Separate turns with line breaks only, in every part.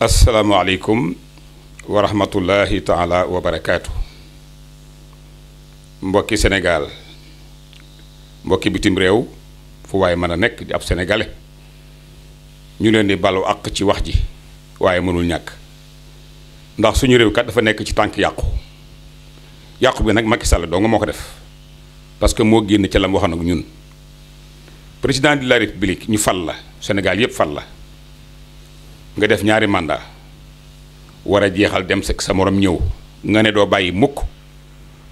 asalaamaaleykum wa rahmatullahi taala wa mbokki Sénégal mbokki bitim réew fu waaye mën a nekk di ab sénégalais ñu leen di balu àq ci wax ji waaye mënul ñàkk ndax suñu réewkat dafa nekk ci tànk yàqu yàqu bi nag Macky Sall doo nga moo ko def parce que moo génn ca lam waxoon ak ñun président de la république ñu fal la Sénégal yëpp fal la nga def ñaari mandat war a jeexal dem sa sa morom ñëw nga ne doo bàyyi mukk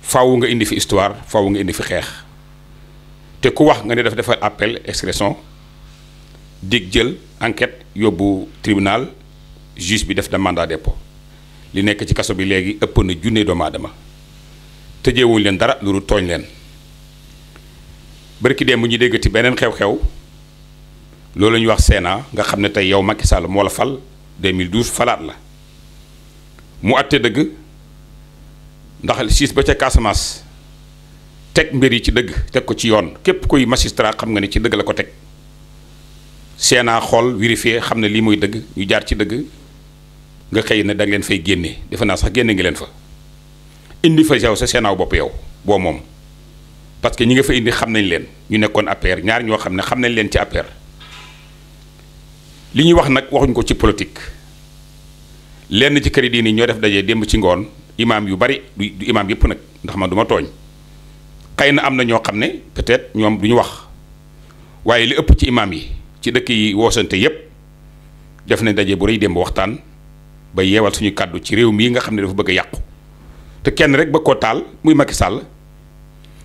faw nga indi fi histoire faaw nga indi fi xeex te ku wax nga ne daf defar appel expression dig jël enquête yóbbu tribunal juge bi def na mandat dépôt li nekk ci kaso bi léegi ëpp na junne doomu aadama tëjeewuñ leen dara lu dul tooñ leen bërki dem bu ñu déggati beneen xew-xew loolu la wax seenaa nga xam ne tey yow Macky Sall moo la fal 2012 falaat la mu àtte dëgg ndax siis ba ca Casamance teg mbir yi ci dëgg teg ko ci yoon képp kuy magistrat xam nga ne ci dëgg la ko teg seenaa xool vérifié xam ne lii mooy dëgg ñu jaar ci dëgg nga xëy na da leen fay génne defe naa sax génne ngi leen fa. indi fa yow sa seenaaw bopp yow boo moom parce que ñi nga fa indi xam nañ leen ñu nekkoon APR ñaar ñoo xam ne xam nañ leen ci APR li ñuy wax nag waxuñ ko ci politique lenn ci kër diini ñoo def daje démb ci ngoon imaam yu bari du imaam yëpp nag ndax ma du ma tooñ xëy na am na ñoo xam ne peut-être ñoom du ñu wax waaye li ëpp ci imaam yi ci dëkk yi woosante yëpp def na daje bu rëy démb waxtaan ba yeewal suñu kàddu ci réew mii nga xam ne dafa bëgg a yàqu. te kenn rek ba koo taal muy Macky sàll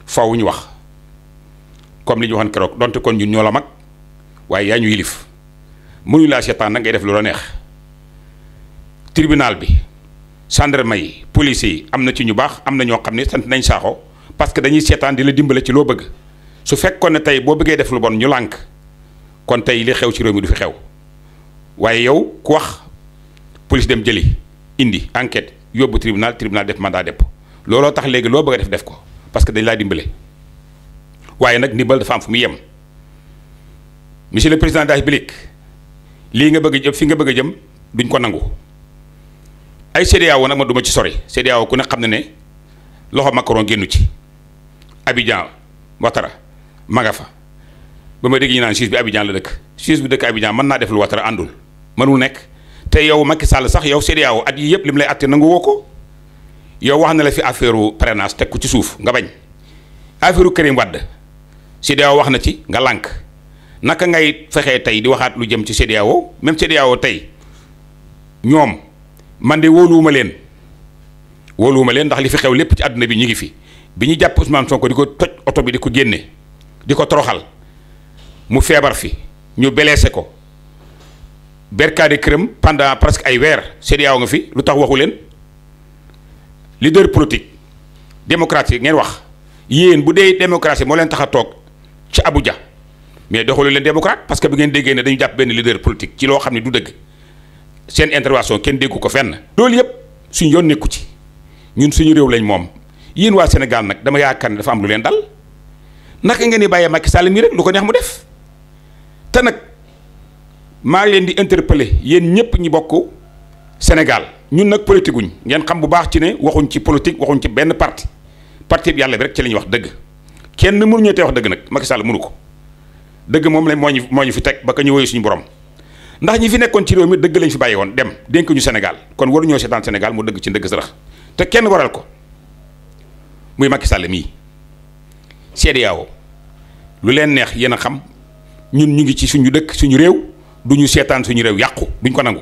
faw ñu wax comme li ñu waxoon keroog donte kon ñun ñoo la mag waaye yaa ñu yilif mënuñu laa seetaan nag ngay def lu la neex tribunal bi gendarme yi police am na ci ñu baax am na ñoo xam ne sant nañ saaxo parce que dañuy seetaan di la dimbale ci loo bëgg su fekkoon ne tey boo bëggee def lu bon ñu lànk kon tey li xew ci réew mi du fi xew waaye yow ku wax police dem jëli indi enquête yóbbu tribunal tribunal def mandat dépôt looloo tax léegi loo bëgg a def def ko parce que dañ laa dimbale waaye nag ndimbal dafa am fu muy yem monsieur le président de la lii nga bëgg a fi nga bëgg a jëm duñ ko nangu ay CEDEAO nag ma duma ci sori CEDEAO ku ne xam ne ne loxo Macron génnu ci Abidjan Ouattara ma nga fa ba ma dégg ñu naan Suisse bi Abidjan la dëkk Suisse bi dëkk Abidjan mën naa def lu Ouattara àndul mënul nekk. te yow Macky Sall sax yow CEDEAO at yii yëpp mu lay atte nangu woo ko yow wax na la fi affaire u teg ku ci suuf nga bañ affaire u Karim Wade wax na ci nga lànk naka ngay fexee tey di waxaat lu jëm ci CEDEAO même CEDEAO tey ñoom man de wóoluwuma leen wóoluwuma leen ndax li fi xew lépp ci àdduna bi ñu ngi fi bi ñu jàpp Ousmane ko di ko toj oto bi di ko génne di ko toroxal mu feebar fi ñu beleese ko. berkade këram pendant presque ay weer CEDEAO nga fi lu tax waxu leen leader politique démocratie ngeen wax yéen bu dee démocratie moo leen tax a toog ci Abuja mais doxalu leen démocrate parce que bi ngeen déggee ne dañu jàpp benn leader politique ci loo xam ne du dëgg seen intervention kenn déggu ko fenn. loolu yëpp suñu yoon nekku ci ñun suñu réew lañ moom yéen waa Sénégal nag dama yaakaar ne dafa am lu leen dal naka ngeen di bàyyee Macky Sall mii lu ko neex mu def te nag. maa ngi leen di interpeller yéen ñëpp ñi bokk Sénégal ñun nag politique wuñ ngeen xam bu baax ci ne waxuñ ci politique waxuñ ci benn parti parti bi yàlla bi rek ci la ñuy wax dëgg kenn mënuñu tey wax dëgg nag Macky Sall mënu ko dëgg moom la moo ñu moo ñu fi teg ba ka ñu suñu borom ndax ñi fi nekkoon ci réew mi dëgg lañ fi bàyyi woon dem dénk ñu Sénégal kon waruñoo seetaan Sénégal mu dëgg ci dëgg sarax te kenn waral ko muy Macky Sall mii CEDEAO lu leen neex yéen a xam ñun ñu ngi ci suñu dëkk suñu réew. du ñu seetaan suñu réew yàqu duñ ko nangu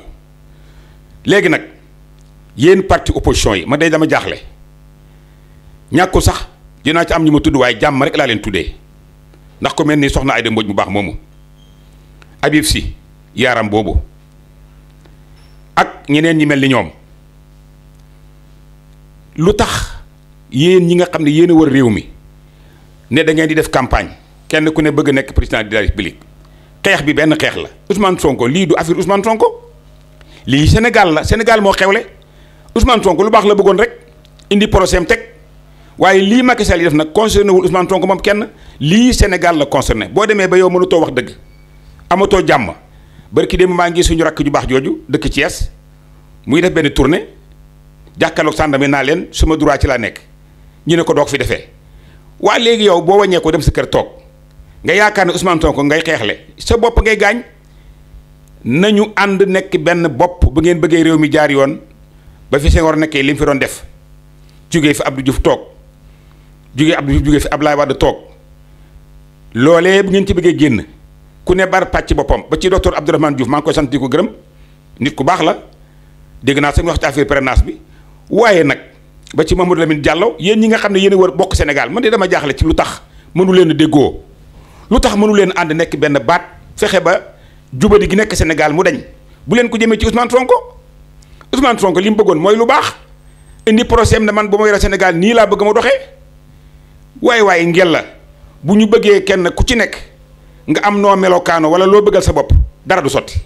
léegi nag yéen parti opposition yi ma day dama jaaxle ñàkku sax dinaa ci am ñu ma tudd waaye jàmm rek laa leen tuddee ndax ko mel ni soxna Aïda Mbodj mu baax moomu Habib Sy yaaram boobu ak ñeneen ñi mel ni ñoom lu tax yéen ñi nga xam ne yéen a war réew mi ne da ngeen di def campagne kenn ku ne bëgg nekk président de la république xeex bi benn xeex la usman Sonko lii du affaire Ousmane Sonko lii Sénégal la Sénégal moo xewle Ousmane Sonko lu baax la bëggoon rek indi procès teg waaye lii Macky Sall yi def nag concerné wul Sonko moom kenn lii Sénégal la concerné boo demee ba yow mënutoo wax dëgg amatoo jàmm barki dem maa ngi suñu rakk ju baax jooju dëkk Thiès muy def benn tournée jàkkaarloog sàndami naa leen suma droit ci laa nekk ñu ne ko doog fi defee waa léegi yow boo wàññee ko dem sa kër toog. nga yaakaar ne Ousmane Sonko ngay xeexle sa bopp ngay gaañ nañu ànd nekk benn bopp bu ngeen bëggee réew mi jaar yoon ba fi Senghor nekkee li mu fi doon def jugee fi Abdou juf toog jugee Abdou Diouf jugee fi toog loolee bu ngeen ci bëggee génn ku ne bar pàcc boppam ba ci docteur Abdourahmane Diouf maa ngi koy sant ko gërëm nit ku baax la dégg naa sax wax ci affaire prénance bi waaye nag ba ci Mamadou Lamine Diallo yéen ñi nga xam ne yéen a war bokk Sénégal man dama jaaxle ci lu tax mënu leen a déggoo. lu tax mënu leen ànd nekk benn baat fexe ba jubadi gi nekk Sénégal mu deñ bu leen ko jëmee ci Ousmane Sonko Ousmane Sonko li mu bëggoon mooy lu baax indi procès na man bu ma yore Sénégal nii laa bëgg ma doxee waaye waaye ngel la bu ñu bëggee kenn ku ci nekk nga am noo melokaano wala loo bëggal sa bopp dara du sotti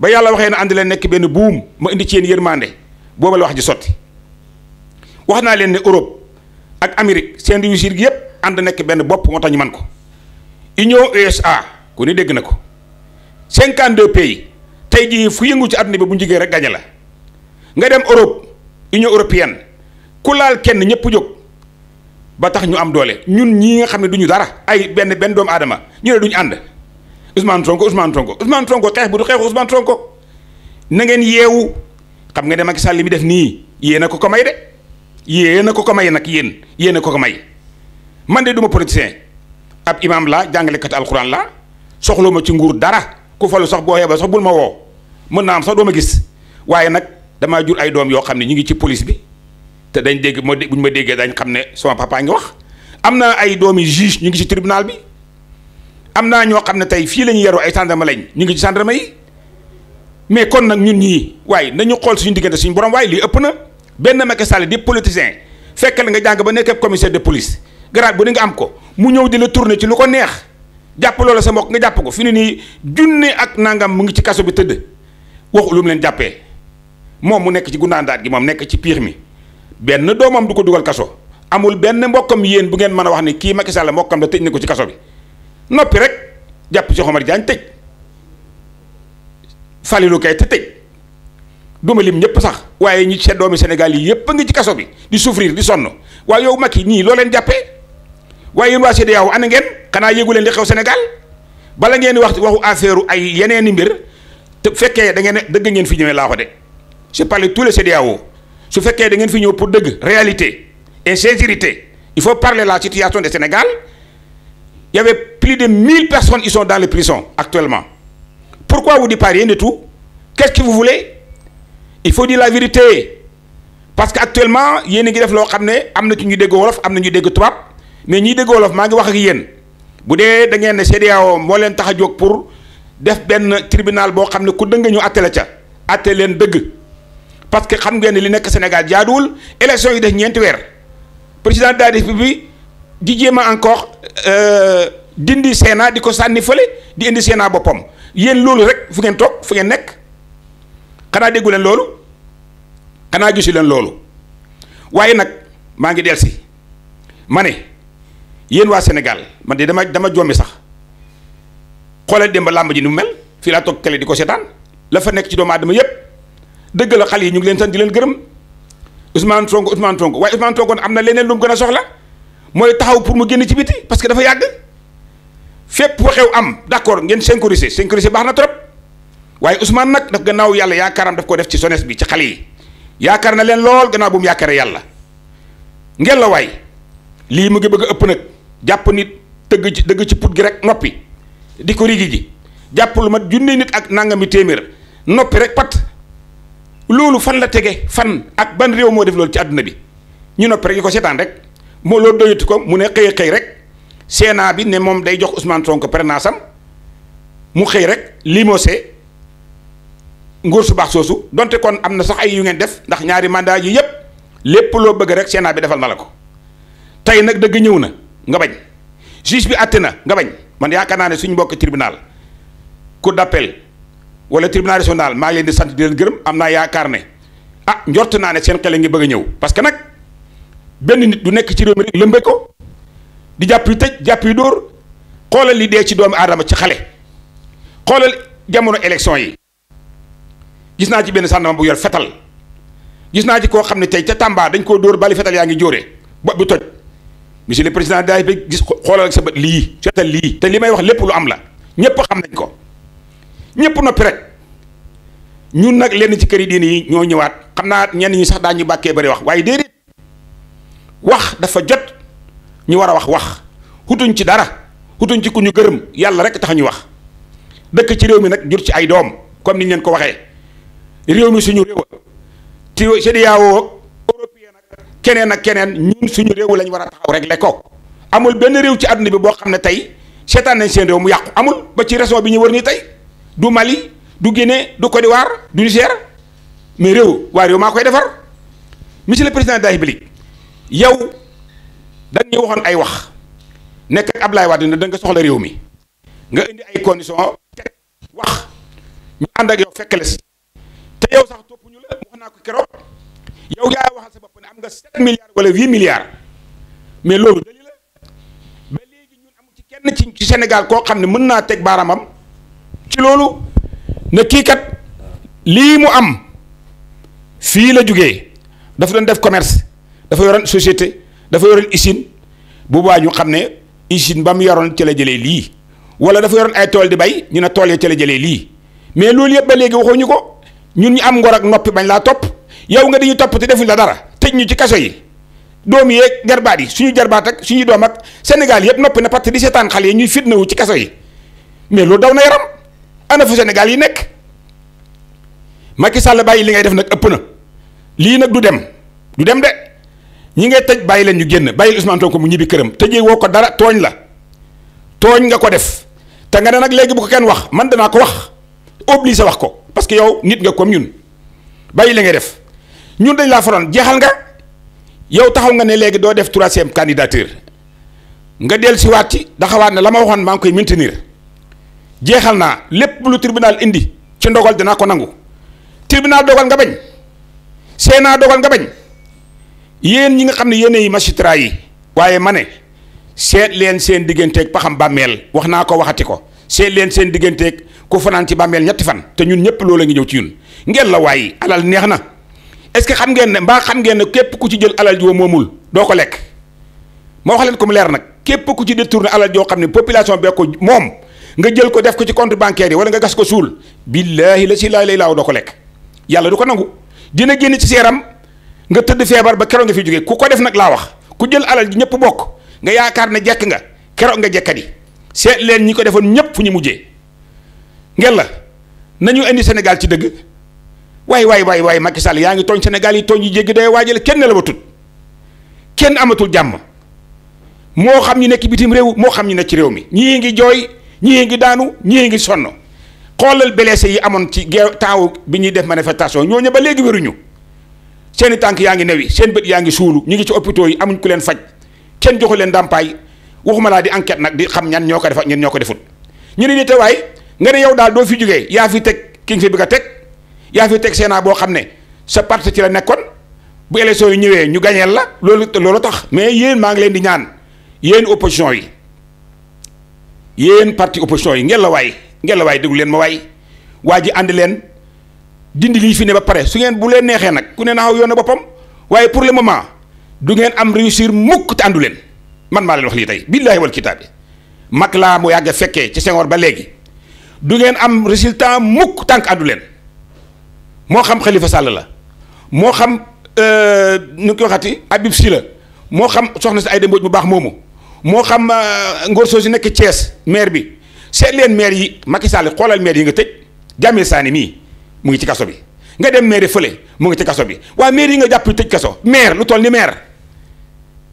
ba yàlla waxee na ànd leen nekk benn buum ma indi ci yenn yërmande booba la wax ji sotti wax naa leen ne Europe ak Amérique seen réussite yëpp ànd nekk benn bopp man ko Union USA ko ni dégg na ko 52 pays tey jii fu yëngu ci àdduna bi bu njigee rek gañe la nga dem Europe Union européenne ku laal kenn ñëpp jóg ba tax ñu am doole ñun ñii nga xam ne duñu dara ay benn benn doomu aadama ñu ne duñu ànd Ousmane Sonko Ousmane Sonko Ousmane Sonko xeex bu du xeexu Ousmane Sonko na ngeen yeewu xam nga dem Macky Sall li mi def nii yéen a ko ko may de yéen a ko ko may nag yéen yéen a ko ko may man de duma politicien ab imaam laa jàngalekat alxuraan laa la ma ci nguur dara ku falu sax boo xeeba sax bul ma wow mën naa am sax doo ma gis waaye nag damaa jur ay doom yoo xam ne ñu ngi ci police bi te dañ dégg ma buñ ma déggee dañ xam ne sama papa ngi wax am na ay doomi juge ñu ngi ci tribunal bi am naa ñoo xam ne tey fii la ñu yaroo ay gendarme lañ ñu ngi ci gendarme yi mais kon nag ñun ñii waaye nañu xool suñu diggante suñu borom waaye lii ëpp na benn Macky Sall di politicien fekkal nga jàng ba nekk commissaire de police garaat bu ne am ko mu ñëw di la tourner ci lu ko neex jàpp loola sa mbokk nga jàpp ko fi ne nii junne ak nangam mu ngi ci kaso bi tëdd waxu leen jàppee moom mu nekk ci gundaandaat gi moom nekk ci piir mi benn doomam du ko dugal kaso amul benn mbokkam yéen bu ngeen mën a wax ni kii Macky Sall mbokkam la tëj na ko ci kaso bi noppi rek jàpp ci Omar Diagne tëj Falilou Keita tëj duma lim ñëpp sax waaye ñi ci doomi Sénégal yi yëpp a ngi ci kaso bi di souffrir di sonn waaye yow Macky leen jàppee. waaye yéen waa CEDEAO ana ngeen xanaa yëgu leen li xew Sénégal bala ngeen wax waxu affaire ay yeneen i mbir te fekkee da ngeen dëgg ngeen fi ñëwee laa ko de c'est parler tous les CEDEAO su fekkee da ngeen fi ñëw pour dëgg réalité et sincérité il faut parler la situation de Sénégal il y plus de mille personnes qui sont dans les prisons actuellement pourquoi vous dites pas rien du tout qu'est-ce que il faut dire la vérité parce que actuellement yéen a ngi def loo xam ne am na ci ñu dégg wolof am na dégg tubaab. mais ñiy dégg wolof maa ngi wax ak yéen bu dee da ngeen ne CEDEAO moo leen tax a jóg pour def benn tribunal boo xam ne ku dëng ñu atte la ca atte leen dëgg parce que xam ngeen ne li nekk Sénégal jaaduwul élection yi def ñeenti weer président de la République di jéem a encore euh, dindi Sénat di ko sànni fële di indi Sénat boppam yéen loolu rek fu ngeen toog fu ngeen nekk xanaa déggu leen loolu xanaa gisu leen loolu waaye nag maa ngi delsi ma ne yéen waa Sénégal man de dama dama jommi sax xoolal dem ba làmb ji ni mu mel fii laa toog télé di ko seetaan la fa nekk ci doomu aadama yépp dëgg la xale yi ñu ngi leen sant di leen gërëm Ousmane Sonko Ousmane Sonko waaye Ousmane Sonko am na leneen lu gën a soxla mooy taxaw pour mu génn ci parce que dafa yàgg fépp waxew am d'accord ngeen sécuriser sécuriser baax na trop waaye Ousmane nag daf gannaaw yàlla yaakaaram daf ko def ci sones bi ci xale yi yaakaar na leen lool gannaaw bu mu yaakaaree yàlla ngeen la waay lii mu ngi bëgg a ëpp nag. jàpp nit tëgg ci dëgg ci put gi rek noppi di ko rigi ji jàppalu lu mat junne nit ak nangami téeméer noppi rek pat loolu fan la tege fan ak ban réew moo def loolu ci àdduna bi ñu noppi rek ñu ko seetaan rek moo loolu doyatu ko mu ne xëyee xëy rek Sénat bi ne moom day jox Ousmane Sonko parrainage sam mu xëy rek limose nguur subaax soosu donte kon am na sax ay yu ngeen def ndax ñaari mandat yi yépp lépp loo bëgg rek seenaa bi defal na la ko tey nag dëgg ñëw na. nga bañ juge bi àtte na nga bañ man yaakaar naa ne suñu mbokk tribunal cour d'appel wala tribunal régional maa ngi leen di sant di leen gërëm am naa yaakaar ne ah njort naa ne seen xel ngi bëgg a ñëw parce que nag benn nit du nekk ci réew mi rek ko di jàpp yu tëj jàpp yu dóor xoolal li dee ci doomu aadama ci xale xoolal jamono élection yi gis naa ci benn sàndama bu yor fetal gis naa ci koo xam ne tey ca Tamba dañ koo dóor bali fetal yaa ngi jóore bopp bi monsieur le président daay bi gis xoolal ak sa bët lii seetal lii te li may wax lépp lu am la ñëpp xam nañ ko ñëpp noppi rek ñun nag lenn ci kër yi ñoo ñëwaat xam naa ñenn ñi sax daa ñu bàkkee bari wax waaye déedéet wax dafa jot ñu war a wax wax xutuñ ci dara xutuñ ci ku ñu gërëm yàlla rek tax ñu wax dëkk ci réew mi nag jur ci ay doom comme niñ leen ko waxee réew mi suñu réew ci CEDEAO keneen ak keneen ñun suñu réew lañ war a taxaw rek ko amul benn réew ci àdduna bi boo xam ne tey seetaan nañ seen réew mu yàqu amul ba ci région bi ñu wër nii tey du Mali du Guinée du Côte d'Ivoire du Niger mais réew waa réew maa koy defar monsieur le président de la République yow dañuy waxoon ay wax nekk ab Abdoulaye Wade ne da nga soxla réew mi nga indi ay conditions wax ñu ànd ak yow fekk les te yow sax topp ñu la wax naa ko keroog yow yaa waxal sa bopp am nga 7 milliards wala 8 milliards mais loolu dañu la ba léegi ñun amu ci kenn ci Sénégal koo xam ne mën naa teg baaraamam ci loolu ne kii kat lii mu am fii la jugee dafa doon def commerce dafa yoroon société dafa yoroon usine bu boobaa ñu xam ne usine ba mu yoroon ci la jëlee lii wala dafa yoroon ay tool di bay ñu ne tool yee ci la jëlee lii mais loolu yëpp léegi waxuñu ko ñun ñu am ngor ak noppi bañ laa topp yow nga dañu topp te defuñ la dara. tëj ñu ci kaso yi doom yeeg jarbaat yi suñu jarbaat ak ñuy doom ak Sénégal yëpp noppi na parce que di seetaan xale yi ñuy fitnawu ci kaso yi mais loolu daw na yaram ana fu Sénégal yi nekk Macky Sall bàyyi li ngay def nag ëpp na lii nag du dem du dem de ñi ngay tëj bàyyi leen ñu génn bàyyil Ousmane Sonko mu ñibbi këram tëjee woo ko dara tooñ la tooñ nga ko def te nga ne nag léegi bu ko kenn wax man danaa ko wax obligé wax ko parce que yow nit nga comme ñun bàyyi li def. ñun dañ laa faroon jeexal nga yow taxaw nga ne léegi doo def troisième candidature nga dellu si waat ci daxawaat na la ma waxoon maa ngi koy maintenir jeexal naa lépp lu tribunal indi ci ndogal dinaa ko nangu tribunal dogal nga bañ naa dogal nga bañ yen ñi nga xam ne yéen yi magistrat yi waaye ma ne seet leen seen digganteek paxam bàmmeel wax naa ko waxati ko seet leen seen digganteeg ku fanaan ci bàmmeel ñetti fan te ñun ñëpp loolu ngi ñëw ci ñun ngeen la waaye alal neex na. est-ce que xam ngeen ne mbaa xam ngeen ne képp ku ci jël alal joo moomul doo ko lekk ma wax leen ko mu leer nag képp ku ci détourné alal joo xam ne population bee ko moom nga jël ko def ko ci compte bancaire yi wala nga gas ko suul billaahi la si laay lay laaw doo ko lekk yàlla du ko nangu dina génn ci seeram nga tëdd feebar ba keroog nga fi jógee ku ko def nag laa wax ku jël alal ji ñëpp bokk nga yaakaar ne jekk nga keroog nga jekkadi seet leen ñi ko defoon ñëpp fu ñu mujjee ngeen la nañu indi Sénégal ci dëgg waay waay waay waay Macky Sall yaa ngi tooñ Sénégal yi tooñ yi jéggi day waajal kenn a watul kenn amatul jàmm moo xam ñu nekk bitim réew moo xam ñu nekk ci réew mi ñii ngi jooy ñii ngi daanu ñii ngi sonn xoolal blessé yi amoon ci ge taaw bi ñuy def manifestation ñooñu ba léegi wéruñu seeni tànk yaa ngi new newi seen bët yaa ngi suulu ñu ngi ci hôpitaux yi amuñ ku leen faj kenn joxu leen ndàmpaay waxuma laa di enquête nag di xam ñan ñoo ko defa ñan ñoo ko defut ñu ne te waay nga ne yow daal doo fi jógee yaa fi teg ki nga fi teg yaa fi teg Sénat boo xam ne sa parti ci la nekkoon bu élection yi ñëwee ñu gañeel la loolu loolu tax mais yéen maa ngi leen di ñaan yéen opposition yi yéen parti opposition yi ngelawaay ngelawaay waay leen ma waay waa ji ànd leen dindi lii fi ne ba pare su ngeen bu leen neexee nag ku ne naaw yoon boppam waaye pour le moment du ngeen am réussir mukk te àndu leen man maa leen wax lii tey billaahi wal kitaabi mag laa mu yàgg fekkee ci Senghor ba léegi du ngeen am résultat mukk tànk àndu leen moo xam xalifa Sall la moo xam euh, nu ñu koy waxati Habib Sy la moo xam soxna si Aïda Mbodj bu baax moomu moo xam euh, Ngor soo si nekk Thiès maire bi seet leen maire yi Macky Sall xoolal maire yi nga tëj Jamil Sané mii mu ngi ci kaso bi nga dem maire fële mu ngi ci kaso bi waa maire yi nga jàpp tëj kaso maire lu toll ni maire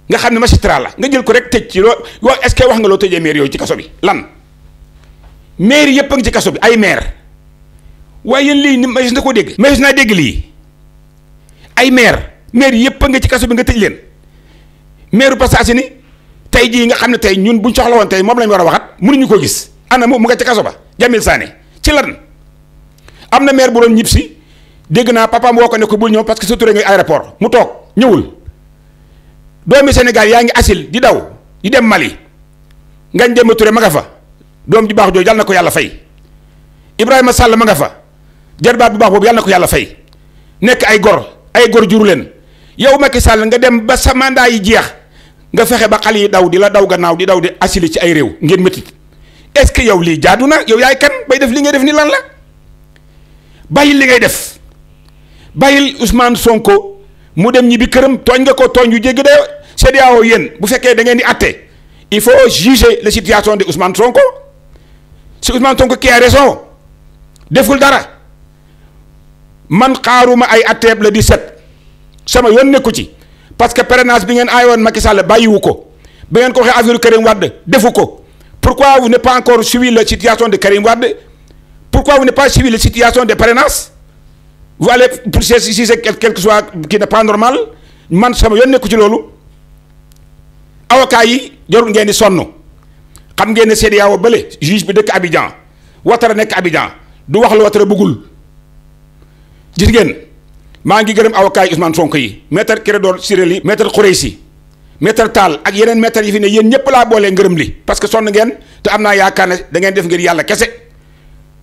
nga xam ne magistrat la nga jël ko rek tëj ci loo est-ce wax nga loo tëjee maire yow ci kaso bi lan maire yëpp a ngi ci kaso bi ay maire waaye yéen lii ni magis na ko dégg magis naa dégg lii ay maire maire yëpp a nga ci kaso bi nga tëj leen maire Parcelles Assainies tey jii nga xam ne tey ñun buñ soxla woon tey moom lañ war a waxat mënuñu ko gis ana moom mu nga ci kaso ba Jamil Sané ci lan am na maire bu doon ñib si dégg naa papaam woo ko ne ko bul ñëw parce que sa turé nga mu toog ñëwul doomi Sénégal yaa ngi asil di daw di dem Mali ngañ dem Touré ma nga fa doom ji baax jooju yàlla na ko yàlla fay Ibrahima Sall ma nga fa jarbaat bu baax boobu yàlla na ko yàlla fay nekk ay gor ay gor juru leen yow Macky Sall nga dem ba sa mandat yi jeex nga fexe ba xal yi daw di la daw gannaaw di daw di asile ci ay réew ngeen métit est-ce que yow lii jaadu na yow yaay kan bay def li ngay def ni lan la bàyyil li ngay def bàyyil Ousmane Sonko mu dem ñibbi këram tooñ nga ko tooñ yu jéggi dayoo CEDEAO yéen bu fekkee da ngeen di atte il faut juger la situation de Ousmane Sonko si Ousmane Sonko qui a dara. man xaaruma ay atteeb la di set sama yoon nekku ci parce que parrainage bi ngeen aayoon Macky Sall bàyyiwu ko ba ngeen ko waxee affaire Karim Wade defu ko pourquoi vous n'avez pas encore suivi la situation de Karim Wade pourquoi vous n'avez pas suivi la situation de parrainage vous allez pour si si c'est quelque soit pas normal man sama yoon nekku ci loolu avocats yi jarul ngeen di sonn xam ngeen ne CEDEAO bële juge bi dëkk Abidjan Ouattara nekk Abidjan du wax la Ouattara bëggul gis ngeen maa ngi gërëm avocat yi Ousmane Sonko yi maître Clédor li Ly maître Khoureyssi maître Tall ak yeneen maître yi fi ne yéen ñëpp laa boolee ngërëm li parce que sonn ngeen te am naa yaakaar ne da ngeen def ngir yàlla kese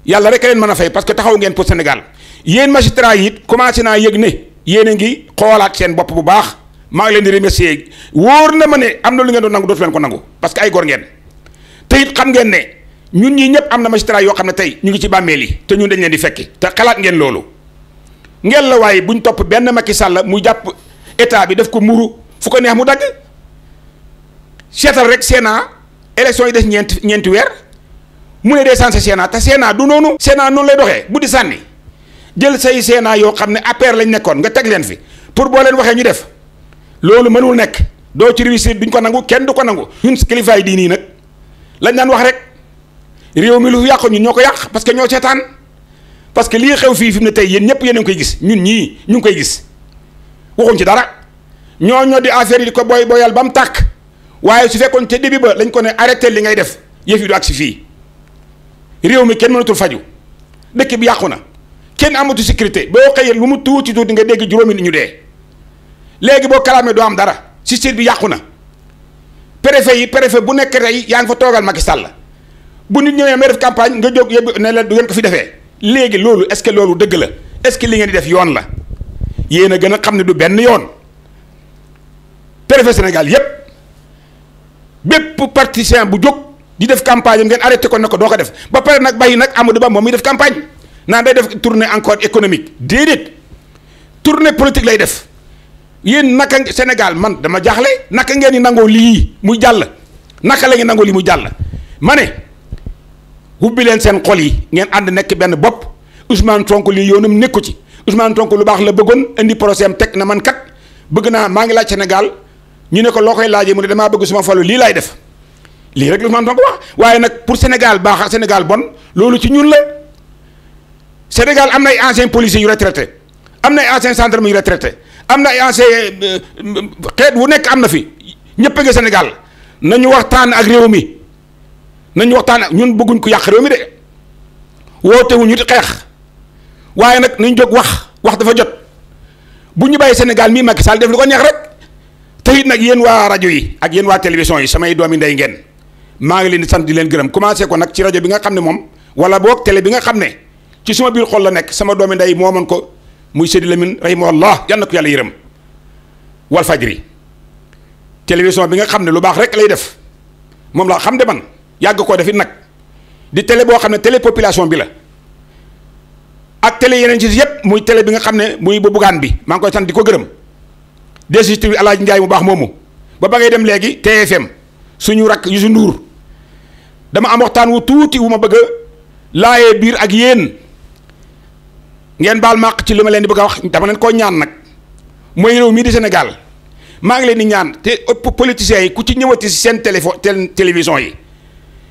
yàlla rek a leen mën a fay parce que taxaw ngeen pour Sénégal yéen magistrat yi it commencé naa yëg ne yéen a ngi xoolaat seen bopp bu baax maa ngi leen di remercier wóor na ma ne am na lu ngeen doon nangu dootu leen ko nangu parce que ay góor ngeen te it ne ñun ñii ñëpp am na magistrat yoo xam ne tey ñu ngi ci bàmmeel yi te ñun dañ leen di fekki te xalaat ngeen loolu ngel la waaye buñ topp benn Macky Sall mu jàpp état bi def ko muru fu ko neex mu dagg seetal rek Sénat élection yi des ñeenti ñeenti weer mu ne dee sànse seenaa te Sénat du noonu. Sénat noonu lay doxee bu di sànni jël say Sénat yoo xam ne APR lañ nekkoon nga teg leen fi pour boo leen waxee ñu def loolu mënul nekk doo ci réussir duñ ko nangu kenn du ko nangu. ñun kilifaay diini nag lañ daan wax rek réew mi lu yàqu ñoo ko yàq parce que ñoo seetaan. parce que lii xew fii fi mu ne tey yéen ñëpp yéen a ngi koy gis ñun ñii ñu ngi koy gis waxuñ ci dara ñoo ñoo di affaire yi di ko boy boyal ba mu tàkk waaye su fekkoon ca début ba lañ ko ne arrêté li ngay def yëf yi du agsi fii réew mi kenn mënatul faju dëkk bi yàqu na kenn amatu sécurité boo xëyee lu mu tuuti tuuti nga dégg juróomi nit ñu dee léegi boo kalaamee doo am dara système bi yàqu na préfet yi préfet bu nekk tey yaa ngi fa toogal Macky sàll bu nit ñëwee may def nga jóg yëpp ne la du ngeen ko fi defee. léegi loolu est-ce que loolu dëgg la est-ce que li ngeen di def yoon la yéen a gën a xam ne du benn yoon préfet Sénégal yépp bépp partisan bu jóg di def campagne am ngeen arrêté ko ne ko doo ko def ba pare nag bay nag Amadou Ba moom muy def campagne naan day def tournée encore économique déedéet tournée politique lay def yéen naka Sénégal man dama jaaxle naka ngeen di nangoo lii muy jàll naka la nangoo lii muy jàll ma ne. hubbi leen seen xol yi ngeen ànd nekk benn bopp Ousmane tonk lii yoonam nekku ci Ousmane tonk lu baax la bëggoon indi procès am teg na man kat bëgg naa maa ngi laaj Sénégal ñu ne ko loo koy laajee mu ne damaa bëgg suma falu lii laay def lii rek Ousmane Sonko wax waaye nag pour Sénégal baax ak Sénégal bon loolu ci ñun la Sénégal am na ay anciens policiers yu retraité am na ay centre mi yu retraité am na ay anciens euh, euh, xeet wu nekk am na fi ñëpp a ngi Sénégal nañu waxtaan ak réew mi. nañu waxtaan ak ñun bëgguñ ko yàq réew mi de woote wuñu di xeex waaye nag nañ jóg wax wax dafa jot bu ñu bàyyi Sénégal mii Macky Sall def lu ko neex rek te it nag yéen waa rajo yi ak yéen waa télévision yi samay doomi ndey ngeen maa ngi leen sant di leen gërëm commencé ko nag ci rajo bi nga xam ne moom wala boog tele bi nga xam ne ci suma biir xol la nekk sama doomi ndey moo mën ko muy Seydi Lamine rahimahullah yal na ko yàlla yërëm wal télévision bi nga xam ne lu baax rek lay def moom laa xam de man. yàgg koo def it nag di tele boo xam ne tele population bi la ak télé yeneen ci yëpp muy télé bi nga xam ne muy bu bugaan bi maa ngi koy sant di ko gërëm DGTV Alaaji Njaay mu baax moomu ba ba dem léegi TFM suñu yu su Ndour dama am waxtaan wu tuuti wu ma bëgg a laayee biir ak yéen ngeen baal màq ci li ma leen di bëgg a wax dama leen koo ñaan nag mooy réew mii di Sénégal maa ngi leen di ñaan te ëpp politiciens yi ku ci ñëwati si seen téléphone seen télévision yi.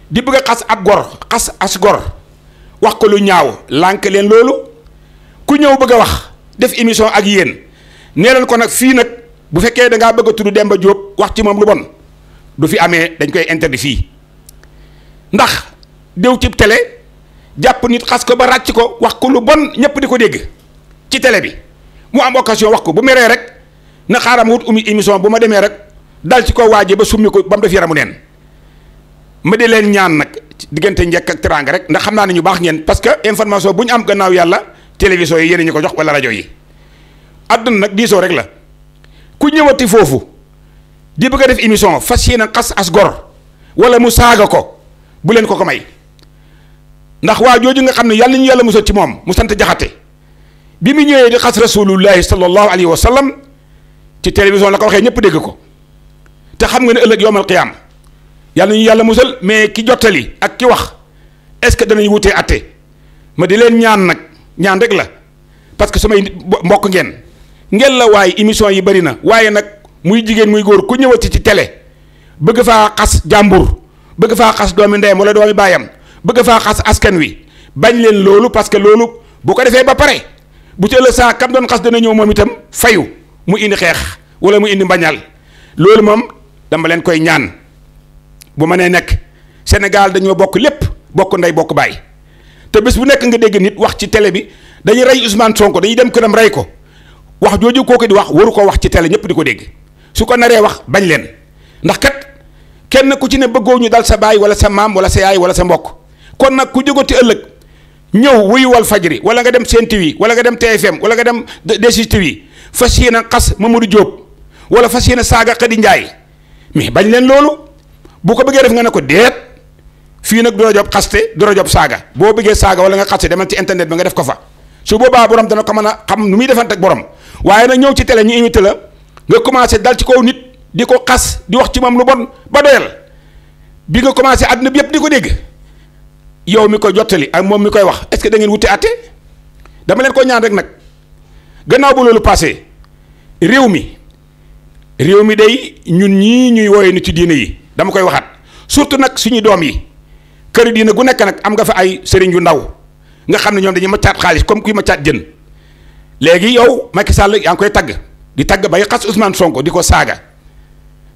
di bëgg a xas ab gor xas as gor wax ko lu ñaaw lànk leen loolu ku ñëw bëgg a wax def émission ak yéen nee ko nag fii nag bu fekkee da ngaa bëgg a tudd Demba Diop wax ci moom lu bon du fi amee dañ koy interdit fii ndax déw ci télé jàpp nit xas ko ba ràcc ko wax ko lu bon ñëpp di ko dégg ci tele bi mu am occasion wax ko bu meree rek na xaaram wut umi émission bu ma demee rek dal ci ko waaje ba summi ko ba mu def yaramu neen ma dee leen ñaan nag diggante njëkk ak teraanga rek ndax xam naa ne ñu baax ngeen parce que information bu ñu am gannaaw yàlla télévision yi yéen ñu ko jox wala rajo yi àdduna nag diisoo rek la ku ñëwati foofu di bëgg a def émission fas yéene xas as gor wala mu saaga ko bu leen ko ko may ndax waa jooju nga xam ne yàlla ñu yàlla musal ci moom mu sant jaxate bi mu ñëwee di xas rasulullahi sallallahu alayhi wa sallam ci télévision la ko waxee ñëpp dégg ko te xam nga ne ëllëg yowmal qiyaam yàlla ñu yàlla musal mais ki jottali ak ki wax est-ce que danañ wutee atte ma di leen ñaan nag ñaan rek la parce que samay mbokk ngeen ngeen la waaye émission yi bari na waaye nag muy jigéen muy góor ku ñëwati ci tele bëgg faa xas jàmbur bëgg faa xas doomi ndeyam wala doomi baayam bëgg faa xas askan wi bañ leen loolu parce que loolu bu ko defee ba pare bu ci ëllëg saa kam doon xas dana ñëw moom itam fayu mu indi xeex wala mu indi mbañaal loolu moom dama leen koy ñaan. bu mënee nekk Sénégal dañoo bokk lépp bokk ndey bokk baay te bés bu nekk nga dégg nit wax ci tele bi dañu rey Ousmane Sonko dañuy dem këram rey ko wax jooju kooku di wax waru ko wax ci télé ñëpp di ko dégg su ko naree wax bañ leen ndax kat kenn ku ci ne bëggoo ñu dal sa baay wala sa maam wala sa yaay wala sa mbokk kon nag ku jógati ëllëg ñëw wuyu wal fajri wala nga dem Sen TV wala nga dem TFM wala nga dem DSTV TV fas yéene xas Mamadou Diop wala fas yéene saaga Khady mais bañ leen loolu. bu ko bëggee def nga ne ko déet fii nag doo job xaste doo job saaga boo bëggee saaga wala nga xaste demal ci internet bi nga def ko fa su boobaa borom dana ko mën a xam nu muy defante ak borom waaye nag ñëw ci télé ñu invité la nga commencé dal ci kow nit di ko xas di wax ci moom lu bon ba doyal bi nga commencé àdduna bi yëpp di ko dégg yow mi ko jottali ak moom mi koy wax est-ce que da ngeen wuti àtte dama leen ko ñaan rek nag gannaaw ba loolu passé réew mi réew mi day ñun ñii ñuy woowee nit ci diine yi. dama koy waxaat surtout nag suñu doom yi kër diina gu nekk nag am nga fa ay sëriñ yu ndaw nga xam ne ñoom dañuy maccaat xaalis comme kuy caat jën léegi yow Macky Sall yaa ngi koy tagg di tagg bay xas Ousmane Sonko di ko saaga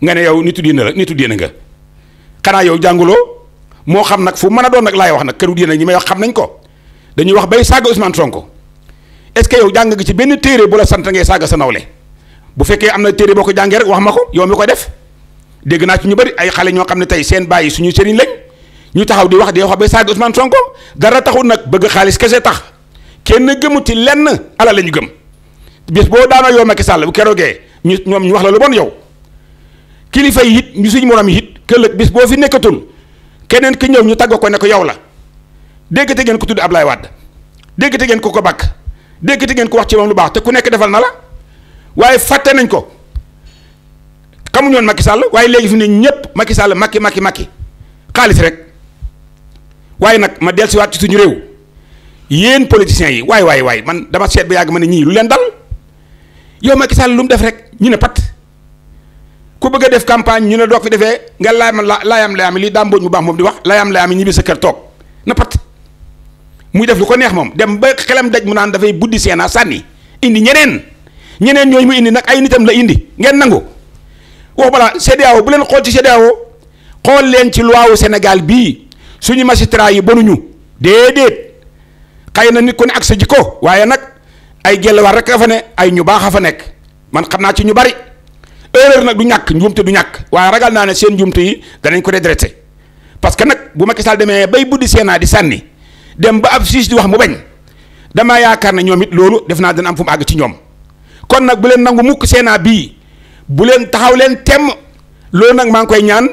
nga ne yow nitu diina la nitu diina nga xanaa yow jànguloo moo xam nag fu mën a doon nag laay wax nag këru diina ñi may wax xam nañ ko dañuy wax bay saaga Ousmane Sonko est-ce que yow jàng nga ci benn téere bu la sant ngay saaga sa nawle bu fekkee am na téere boo ko jàngee rek wax ma ko yow mi koy def. dégg naa ci ñu bari ay xale ñoo xam ne tey seen bàyyi seen yi lañ ñu taxaw di wax di wax ba saaga Ousmane Sonko dara taxul nag bëgg xaalis kese tax kenn gëmuti lenn ala la ñu gëm bis boo daanoo yow Macky Sall bu keroogee ñu ñoom ñu wax la lu bon yow kilifa yi it ñu suñu morom yi it këllëg bis boo fi nekkatul keneen ki ñëw ñu tàgg ko ne ko yow la dégg te ngeen ko tudd Ablaye Wade dégg te ngeen ko ko bakk dégg te ngeen ko wax ci moom lu baax te ku nekk defal na la waaye fàtte nañ ko. xamuñu woon Macky Sall waaye léegi fi ne ñëpp Macky Sall Macky Macky Macky xaalis rek waaye nag ma dellusiwaat ci suñu réew yéen politiciens yi waaye waaye waaye man dama seet ba yàgg ma ne ñii lu leen dal yow Macky Sall lu mu def rek ñu ne pat ku bëgg a def campagne ñu ne doog fi defee nga laayam la laayam laayam li daa mbóoj mu baax moom di wax laayam laayam ñibbi sa kër toog na pat muy def lu ko neex moom dem ba xelam daj mu naan dafay buddi seenaa sànni indi ñeneen ñeneen ñooñu mu indi nag ay nitam la indi ngeen nangu. wax balaa CEDEAO bu leen xool ci CEDEAO xool leen ci loi wu Sénégal bii suñu magistrat yi bonuñu déedéet xëy na nit ko ne ak sa jikko waaye nag ay gelawaar rek a fa ne ay ñu baax a fa nekk man xam naa ci ñu bari erreur nag du ñàkk njuumte du ñàkk waaye ragal naa ne seen njuumte yi danañ ko redressé parce que nag bu ma Sall demee bay buddi Sénat di sànni dem ba ab siis di wax mu bañ damaa yaakaar na ñoom it loolu def naa dana am fu mu àgg ci ñoom kon nag bu bii. bu leen taxaw leen temm loolu nag maa ngi koy ñaan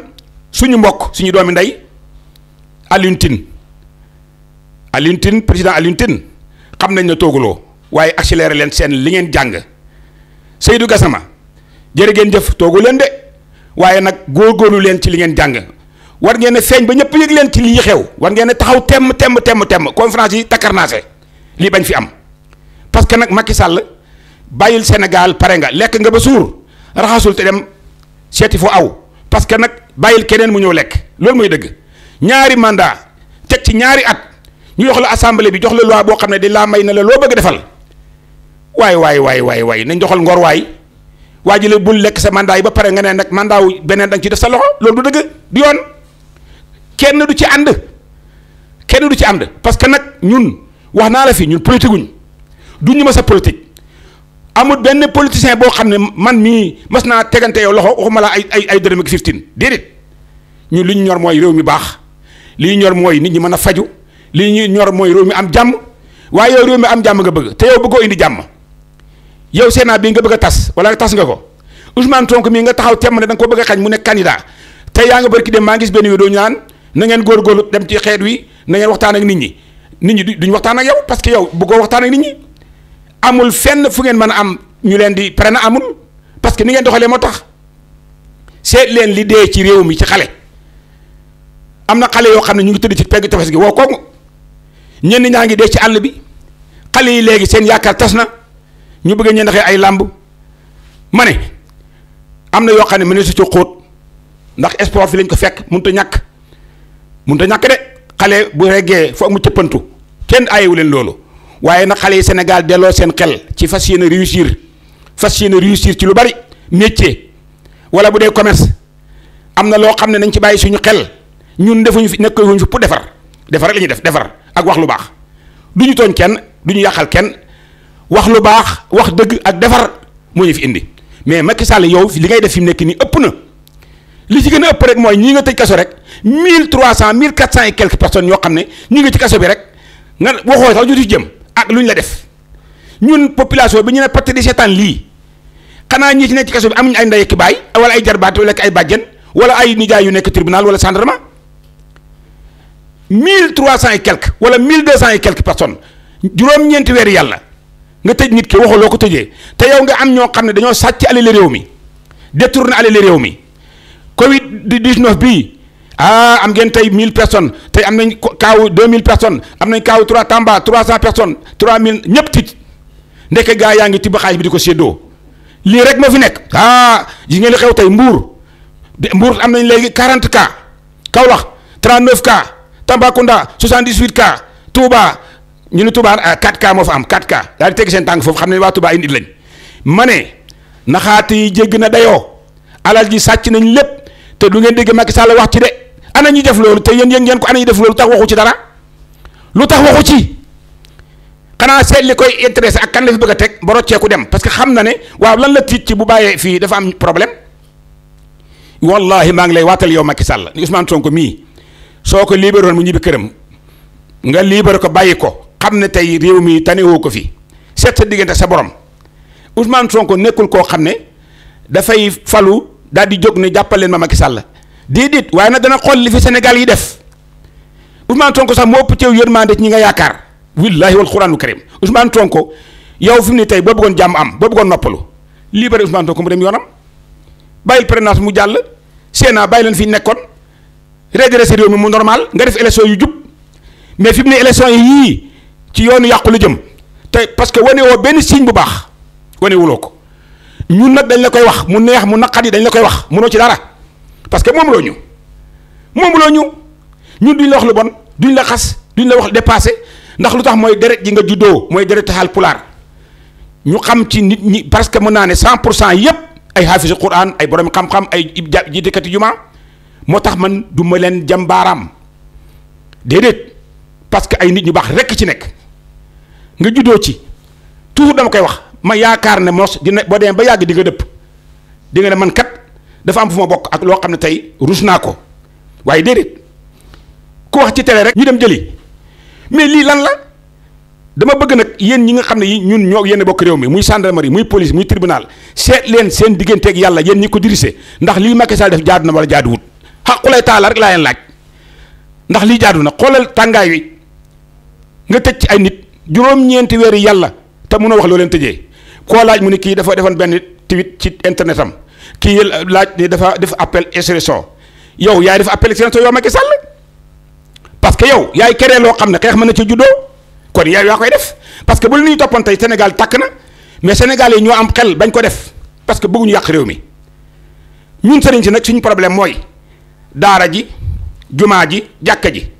suñu mbokk suñu doomi ndey allintin Tine Alioune Tine président Alioune xam nañ ne tooguloo waaye accéléré leen seen li ngeen jàng Seydou Gassama jërë ngeen jëf toogu leen de waaye nag góor góorgóorlu leen ci li ngeen jàng war ngeen ne feeñ ba ñëpp yëg leen ci lii xew war ngeen ne taxaw temm temm temm temm conférence yi takkarnaase lii bañ fi am parce que nag Macky sàll bàyyil Sénégal pare nga lekk nga ba suur raxasul te dem seeti foo aw parce que nag bàyyil keneen mu ñëw lekk loolu mooy dëgg ñaari mandat teg ci ñaari at ñu jox la assemblée bi jox la loi boo xam ne di laa may na la loo bëgg defal waaye waay waaye waaye waay nañ joxal ngor waay waa ji la bul lekk sa mandat yi ba pare nga ne nag mandat beneen da nga ci def sa loxo loolu du dëgg du yoon kenn du ci ànd kenn du ci ànd parce que nag ñun wax naa la fi ñun politique guñ duñu ma sa politique. amul benn politicien boo xam ne man mii mas naa tegante yow loxo waxuma laa ay ay ay dërëm ak fifteen déedéet ñu li ñu ñor mooy réew mi baax li ñu ñor mooy nit ñi mën a faju li ñu ñor mooy réew mi am jàmm waaye yow réew mi am jàmm nga bëgg te yow bëggoo indi jàmm yow Sénat bii nga bëgg tas wala tas nga ko Ousmane Sonko mii nga taxaw temm ne da nga ko bëgg a xañ mu nekk candidat te yaa nga bëri ki dem maa ngi benn vidéo ñu naan na ngeen góorgóorlu dem ci xeet wi na waxtaan ak nit ñi nit ñi duñ waxtaan ak yow parce que yow bëggoo waxtaan ak amul fenn fu ngeen mën a am ñu leen di pare na amul parce que ni ngeen doxalee moo tax seet leen li dee ci réew mi ci xale am na xale yoo xam ne ñu ngi tëdd ci pegg tefes gi woo kooku ñenn ñaa ngi dee ci àll bi xale yi léegi seen yaakaar tas na ñu bëgg ñeen ndaxee ay làmb ma ne am na yoo xam ne mënees su ci xóot ndax sport fi lañ ko fekk mënut a ñàkk mun a ñàkk de xale bu reggee foog mu cëppantu kenn aayewu leen loolu. waaye nag xale yi Sénégal delloo seen xel ci fas yéene réussir fas yéene réussir ci lu bari métier wala bu dee commerce am na loo xam ne nañ ci bàyyi suñu xel ñun defuñu fi nekkuñu fi pour defar defar rek ñuy def defar ak wax lu baax du ñu tooñ kenn du ñu yàqal kenn wax lu baax wax dëgg ak defar fi indi mais Macky Sall yow li ngay def fi mu nekk nii ëpp na li ci gën a ëpp rek mooy ñii nga tëj kaso rek mille trois cent mille quatre cent et quelques yoo xam ne ñi nga ci kaso bi rek nga waxoo sax ñu di jëm. ak lu ñu la def ñun population bi ñu ne pàtti di seetaan lii xanaa ñi ci nekk ci kaso bi amuñu ay ndey ak baay wala ay jarbaat wala ay bàjjen wala ay nijaay yu nekk tribunal wala gendarmerie mille trois cent et quelque wala mill deux cent yi quelque personnes juróom-ñeenti weeri yàlla nga tëj nit ki loo ko tëjee te yow nga am ñoo xam ne dañoo sàcc alal réew mi na alal réew mi Covid 19 bii. ah am ngeen tey mille personnes tey am nañ kaaw deux mille personnes am nañ kaaw trois Tamba trois cent personnes trois mille ñëpp tiit ndeke gaa yaa ngi tibb xaalis bi di ko séddoo lii rek moo fi nekk ah yi ngeen di xew tey Mbour Mbour am nañ léegi quarante cas Kaolack trente neuf cas Tambacounda soixante dix huit cas Touba ñu ne Touba ah quatre cas moo fa am quatre cas daal di teg seen tànk foofu xam ne waa Touba indi nit lañ ma ne naxaate yi jégg na dayoo alal ji sàcc nañ lépp te du ngeen dégg Macky Sall wax ci de. ana ñu def loolu te yéen yéen ngeen ko ana ñu def loolu tax waxu ci dara lu tax waxu ci xanaa seet li koy intéressé ak kan la fi bëgg a teg ba rocceeku dem parce que xam na ne waaw lan la tiit ci bu bàyyee fii dafa am problème wallahi maa ngi lay waatal yow Macky Sall ni Ousmane Sonko mii soo ko libéré woon mu ñibbi këram nga libéré ko bàyyi ko xam ne tey réew mi tanewoo ko fii seet sa diggante sa borom Ousmane Sonko nekkul koo xam ne dafay falu dal di jóg ne jàppaleen ma Macky Sall déedéet waaye nag dana xool li fi Sénégal yi def Ousmane Sonko sax moo ëpp ci yërmande ci ñi nga yaakaar wallaahi wal quraanu karim Ousmane Sonko yow fi mu ne tey boo bëggoon jàmm am boo bëggoon noppalu libéré Ousmane Sonko mu dem yoonam bàyyil présidence mu jàll Sénat bàyyi leen fi nekkoon redressé réew mi mu normal nga def élection yu jub mais fi mu ne élection yii ci yoonu yàqu la jëm te parce que wane woo benn signe bu baax wane wuloo ko ñun nag dañ la koy wax mu neex mu naqat yi dañ la koy wax mënoo ci dara. parce que moom loo ñu moom loo ñu ñun duñ la wax lu bon duñ la xas duñ la wax dépassé ndax lu tax mooy deret ji nga juddoo mooy deret xaal pulaar ñu xam ci nit ñi parce que mën naa ne cent pour cent yëpp ay xaafisu quran ay borom xam-xam ay ib jiitekati jumaa moo tax man du ma leen jàmbaaraam déedéet parce que ay nit ñu baax rekk ci nekk nga juddoo ci toujours dama koy wax ma yaakaar ne mos dina boo demee ba yàgg di nga dëpp di ne man kat dafa am fu ma bokk ak loo xam ne tey rus naa ko waaye déedéet ku wax ci télé rek ñu dem jëli mais lii lan la dama bëgg nag yéen ñi nga xam ne ñun ñoo yéen bokk réew mi muy gendarmerie muy police muy tribunal seet leen seen digganteeg yàlla yéen ñi ko dirigé ndax lii Macky Sall def jaadu na wala jaaduwut xaqulay ah, taala rek laa leen laaj ndax lii jaadu na xoolal tàngaay wi nga tëj ci ay nit juróom-ñeenti weeri yàlla te mun a wax loo leen tëjee koo laaj mu ni kii dafa defoon benn tweet ci internet kii laaj ni dafa def appel insurrection yow yaay def appel insurrection yow ki Sall parce que yow yaay créé loo xam ne xeex mën na ci juddoo kon yow yaa koy def parce que bu la ñuy toppoon tey Sénégal takk na mais Sénégal yi ñoo am xel bañ ko def parce que bëgguñu yàq réew mi ñun sëriñ si nag suñu problème mooy daara ji jumaa ji jàkka ji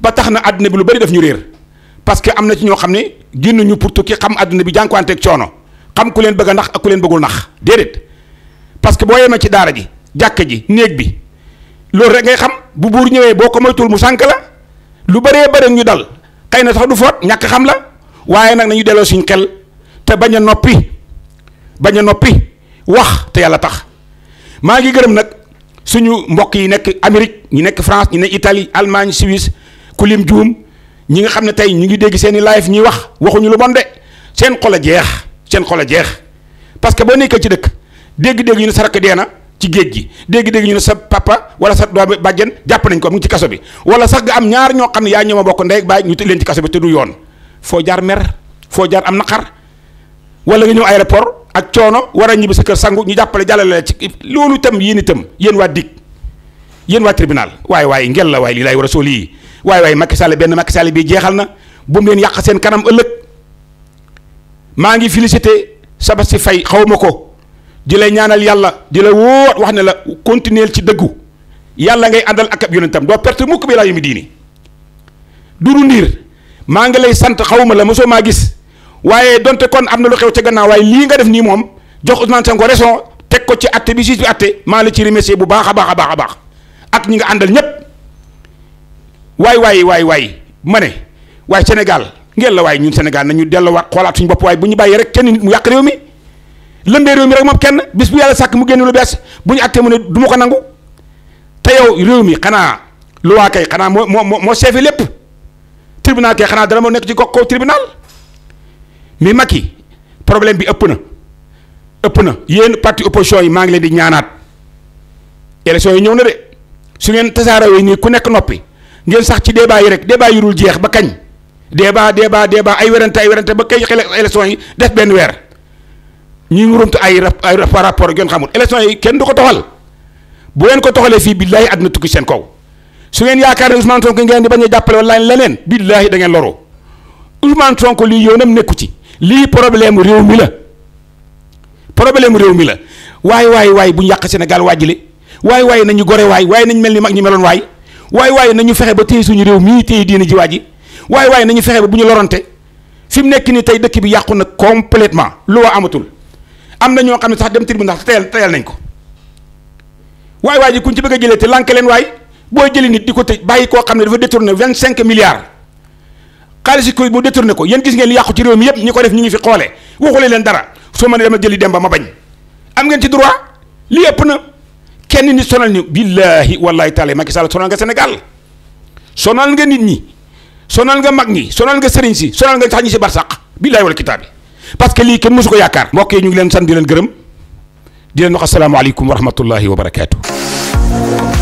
ba tax na àdduna bi lu bëri def ñu réer parce que am na ci ñoo xam ne génn ñu pour tukki xam àdduna bi jànkuwanteeg coono xam ku leen bëgg a nax leen bëggul nax déedéet parce que boo yemee ci daara ji jàkk ji néeg bi loolu rek ngay xam bu buur ñëwee boo ko moytuwul mu sànk la lu baree bëri ñu dal xëy na sax du foot ñàkk xam la waaye nag nañu delloo suñ xel te bañ a noppi bañ a noppi wax te yàlla tax maa ngi gërëm nag suñu mbokk yi nekk amerique ñu nekk France ñu nekk Italie Allemagne Suisse ku lim juum ñi nga xam ne tey ñu ngi dégg seen i live ñuy wax waxuñu lu bon de seen xol a jeex seen xol a jeex parce que boo nekkee ci dëkk. dégg-dégg ñu ne sa rakk dee na ci géej gi dégg-dégg ñu ne sa papa wala sa doom bàjjen jàpp nañ ko mu ngi ci kaso bi wala sax nga am ñaar ñoo xam ne yaa ñoo ma bokk ndey baay ñu tëj leen ci kaso bi te du yoon foo jaar mer foo jaar am naqar wala nga ñëw aéroport ak coono war a ñibbi sa kër sangu ñu jàppale jàllale la ci loolu itam yéen itam yéen waa DIC yéen waa tribunal waaye waaye ngel la waaye lii laay war a sóol yii waaye waaye Macky Sall benn Macky Sall bi jeexal na bu leen yàq seen kanam ëllëg maa ngi félicité Sabassy Faye xaw ma ko di lay ñaanal yàlla di la woo wax ne la continuer ci dëggu yàlla ngay àndal ak ab yonentam doo perte mukk bi laa yumi diini Doudou Ndir maa ngi lay sant xawma la mosoo maa gis waaye donte kon am na lu xew ca gannaaw waaye lii nga def nii moom jox Ousmane Sonko raison teg ko ci atte bi juge bi atte maa la ci remercier bu baax a baax a baax a ak ñi nga àndal ñépp waay waay waay waay ma ne waaye Sénégal ngeen la waay ñun Sénégal nañu delluwaat xoolaat suñu bopp waaye bu ñu bàyyi rek kenn nit yàq mi lëmbee réew mi rek moom kenn bis bu yàlla sàkk mu génn lu bees bu ñu àttee mu ne du ma ko nangu te yow réew mi xanaa lu waa kay xanaa moo moo moo seefi lépp tribunal kay xanaa dara moo nekk ci kaw kaw mi mais yi problème bi ëpp na ëpp na yéen parti opposition yi maa ngi leen di ñaanaat élection yi ñëw na de su ngeen tasaaroo nii ku nekk noppi ngeen sax ci débat yi rek débat yi jeex ba kañ débat débat débat ay werante ay werante ba kay élection yi def benn weer. ñuy ngurumtu ay rap ay par rapport ak yoon xamul élection yi kenn du ko toxal bu leen ko toxalee fii billaahi àdduna tukki seen kaw su ngeen yaakaar ne Ousmane Sonko ngeen di bañ a jàppale wala leneen billaahi da ngeen loroo Ousmane Sonko lii yoonam nekku ci lii problème réew mi la problème réew mi la waaye waay waay bu ñu yàq Sénégal waajale waaye waay nañu gore waay waay nañ mel ni mag ñu meloon waay waay waay nañu fexe ba téye suñu réew mii téye diine ji waa ji waay waay nañu fexe ba bu ñu lorante fi mu nekk nii tey dëkk bi yàqu na complètement lu wa amatul. am na ñoo xam ne sax dem tribunal sax tayal tayal nañ ko waaye waay ji kuñ ci bëgg a jëlee te lanke leen waay boo jëli nit di ko tëj bàyyi koo xam ne dafa détourné vingt cinq milliards xaalis yi ko mu détourné ko yéen gis ngeen li yàqu ci réew mi yëpp ñi ko def ñu ngi fi xoolee waxule leen dara soo mënee dama jëli dem ba ma bañ am ngeen ci droit li yëpp na kenn nit sonal ñu billaahi wallaahi taala Macky Sall sonal nga Sénégal sonal nga nit ñi sonal nga mag ñi sonal nga sëriñ si sonal nga sax ñi si barsàq billaahi wala kitaabi parce que lii kenn mësu ko yaakaar mbokk yi ñu ngi leen sant di leen gërëm di leen wax asalaamaaleykum wa rahmatullahi wa barakaatu.